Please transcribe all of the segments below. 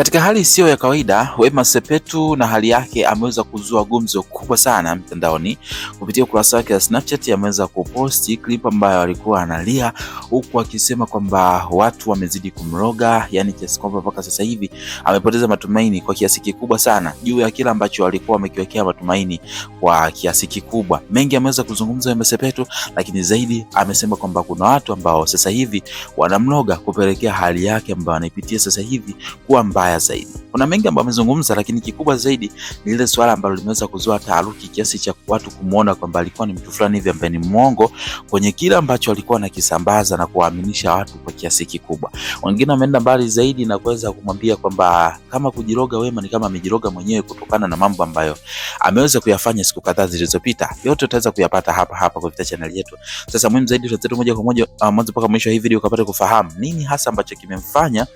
Katika hali isiyo ya kawaida, Wema Sepetu na hali yake ameweza kuzua gumzo kubwa sana mtandaoni. Kupitia ukurasa wake wa Snapchat ameweza kuposti clip ambayo alikuwa analia huku akisema kwamba watu wamezidi kumroga, yani kiasi kwamba mpaka sasa hivi amepoteza matumaini kwa kiasi kikubwa sana juu ya kile ambacho alikuwa amekiwekea matumaini kwa kiasi kikubwa. Mengi ameweza kuzungumza Wema Sepetu, lakini zaidi amesema kwamba kuna watu ambao sasa hivi wanamroga kupelekea hali yake ambayo anaipitia sasa hivi kuwa mbaya mabaya zaidi. Kuna mengi ambayo amezungumza, lakini kikubwa zaidi ni lile swala ambalo limeweza kuzua taharuki kiasi cha watu kumuona kwamba alikuwa ni mtu fulani hivi ambaye ni mwongo kwenye kile ambacho alikuwa anakisambaza na kuwaaminisha watu kwa kiasi kikubwa. Wengine wameenda mbali zaidi na kuweza kumwambia kwamba kama kujiroga Wema ni kama amejiroga mwenyewe kutokana na mambo ambayo ameweza kuyafanya siku kadhaa zilizopita. Yote utaweza kuyapata hapa hapa kupitia channel yetu. Sasa muhimu zaidi, tutazetu moja kwa moja uh, mwanzo mpaka mwisho wa hii video ukapata kufahamu nini hasa ambacho kimemfanya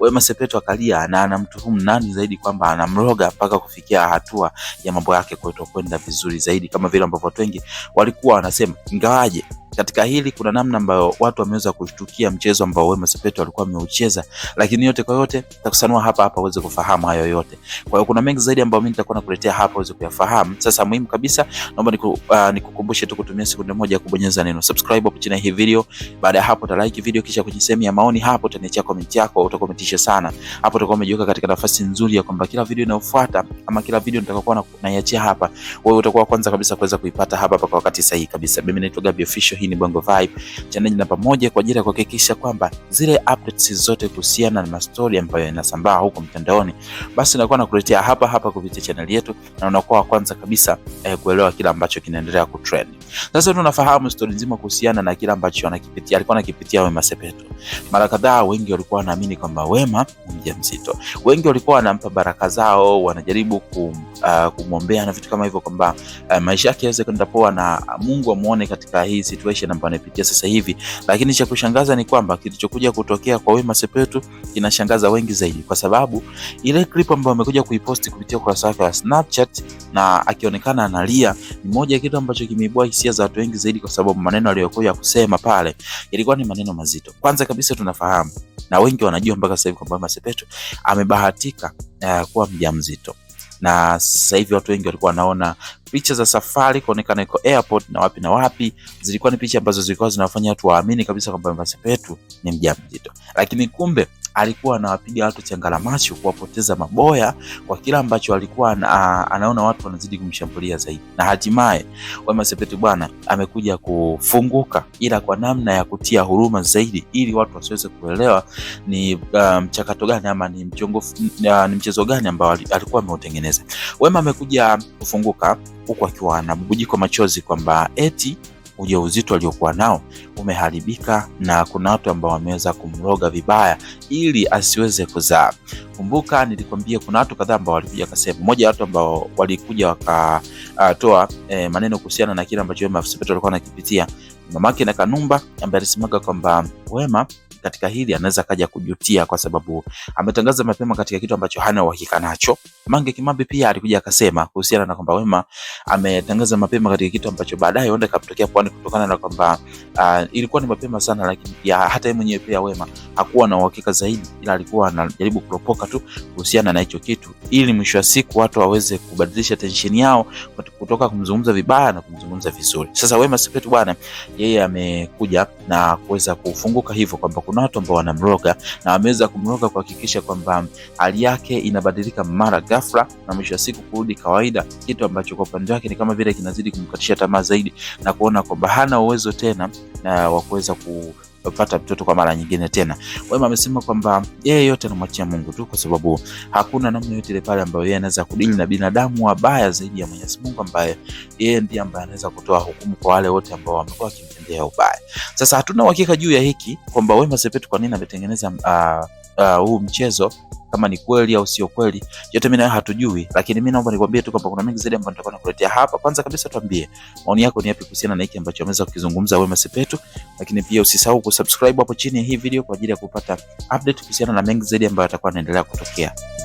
Wema Sepetu akalia na anamtuhumu nani zaidi kwamba anamroga mpaka kufikia hatua ya mambo yake kutokwenda vizuri zaidi, kama vile ambavyo watu wengi walikuwa wanasema, ingawaje katika hili kuna namna ambayo watu wameweza kushtukia mchezo ambao Wema Sepetu alikuwa ameucheza, lakini yote kwa yote takusanua hapa hapa uweze kufahamu hayo yote. Kwa hiyo kuna mengi zaidi ambayo mimi nitakuwa nakuletea hapa uweze kuyafahamu. Sasa muhimu kabisa, naomba niku, uh, nikukumbushe tu kutumia sekunde moja kubonyeza neno subscribe hapo chini ya hii video. Baada ya hapo utalike video, kisha kwenye sehemu ya maoni hapo utaniachia comment yako, utakomentisha sana hapo, utakuwa umejiweka katika nafasi nzuri ya kwamba kila video inayofuata ama kila video nitakayokuwa naiachia hapa, wewe utakuwa kwanza kabisa kuweza kuipata hapa kwa wakati sahihi kabisa. Mimi naitwa Gabi Official. Hii ni Bongo Vibe channel namba moja kwa ajili ya kuhakikisha kwamba zile updates zote kuhusiana na story ambayo inasambaa huko mtandaoni, basi unakuwa nakuletea hapa hapa kupitia channel yetu, na unakuwa wa kwanza kabisa eh, kuelewa kile ambacho kinaendelea kutrend. Sasa tunafahamu stori nzima kuhusiana na kile ambacho anakipitia, alikuwa anakipitia Wema Sepetu. Mara kadhaa wengi walikuwa wanaamini kwamba Wema ni mjamzito, wengi walikuwa wanampa baraka zao, wanajaribu kum, uh, kumwombea na vitu kama hivyo kwamba uh, maisha yake yaweze kwenda poa na Mungu amuone katika hii situation ambayo anapitia sasa hivi. Lakini cha kushangaza ni kwamba kilichokuja kutokea kwa Wema Sepetu kinashangaza wengi zaidi, kwa sababu ile clip ambayo amekuja kuiposti kupitia ukurasa wake wa Snapchat na akionekana analia ni moja ya kitu ambacho kimeibua hisia za watu wengi zaidi, kwa sababu maneno aliyokuwa ya kusema pale yalikuwa ni maneno mazito. Kwanza kabisa tunafahamu na wengi wanajua mpaka sasa hivi kwamba Wema Sepetu amebahatika uh, kuwa mjamzito na sasa hivi watu wengi walikuwa wanaona picha za safari kuonekana iko airport na wapi na wapi, zilikuwa ni picha ambazo zilikuwa zinawafanya watu waamini kabisa kwamba Wema Sepetu ni mjamzito, lakini kumbe alikuwa anawapiga watu changala macho, kuwapoteza maboya kwa kila ambacho alikuwa ana, anaona watu wanazidi kumshambulia zaidi, na hatimaye Wema Sepetu bwana amekuja kufunguka, ila kwa namna ya kutia huruma zaidi, ili watu wasiweze kuelewa ni mchakato um, gani ama ni mchongo uh, ni mchezo gani ambao alikuwa ameutengeneza. Wema amekuja kufunguka huku akiwa na bubujiko machozi kwamba eti ujauzito aliokuwa nao umeharibika na kuna watu ambao wameweza kumroga vibaya ili asiweze kuzaa. Kumbuka nilikwambia kuna watu kadhaa ambao walikuja kasema, mmoja wa watu ambao walikuja wakatoa e, maneno kuhusiana na kile ambacho Wema Sepetu alikuwa anakipitia, mamake na Kanumba ambaye alisemaga kwamba Wema katika hili anaweza kaja kujutia, kwa sababu ametangaza mapema katika kitu ambacho hana uhakika nacho. Mange Kimambi pia alikuja akasema kuhusiana na kwamba Wema ametangaza mapema katika kitu ambacho baadaye huenda kapotokea pwani, kutokana na kwamba uh, ilikuwa ni mapema sana, lakini pia hata yeye mwenyewe pia Wema hakuwa na uhakika zaidi, ila alikuwa anajaribu kuropoka tu kuhusiana na hicho kitu, ili mwisho wa siku watu waweze kubadilisha tension yao kutoka kumzungumza vibaya na kumzungumza vizuri. Sasa Wema Sepetu bwana, yeye amekuja na kuweza kufunguka hivyo kwamba kuna watu ambao wanamroga na wameweza kumroga kuhakikisha kwamba hali yake inabadilika mara ghafla na mwisho wa siku kurudi kawaida, kitu ambacho kwa upande wake ni kama vile kinazidi kumkatisha tamaa zaidi na kuona kwamba hana uwezo tena na wa kuweza ku kupata mtoto kwa mara nyingine tena. Wema amesema kwamba yeye yote anamwachia Mungu tu, kwa sababu hakuna namna yote ile pale ambayo yeye anaweza kudili na binadamu wabaya zaidi ya Mwenyezi Mungu, ambaye yeye ndiye ambaye anaweza kutoa hukumu kwa wale wote ambao wamekuwa wakimtendea ubaya. Sasa hatuna uhakika juu ya hiki kwamba Wema Sepetu kwa nini ametengeneza ah, ah, huu uh, uh, mchezo kama ni kweli au sio kweli, yote mimi nayo hatujui, lakini mimi naomba nikwambie tu kwamba kuna mengi zaidi ambayo nitakuwa nakuletea hapa. Kwanza kabisa, tuambie maoni yako ni yapi kuhusiana na hiki ambacho ameweza kukizungumza Wema Sepetu, lakini pia usisahau kusubscribe hapo chini ya hii video kwa ajili ya kupata update kuhusiana na mengi zaidi ambayo yatakuwa yanaendelea kutokea.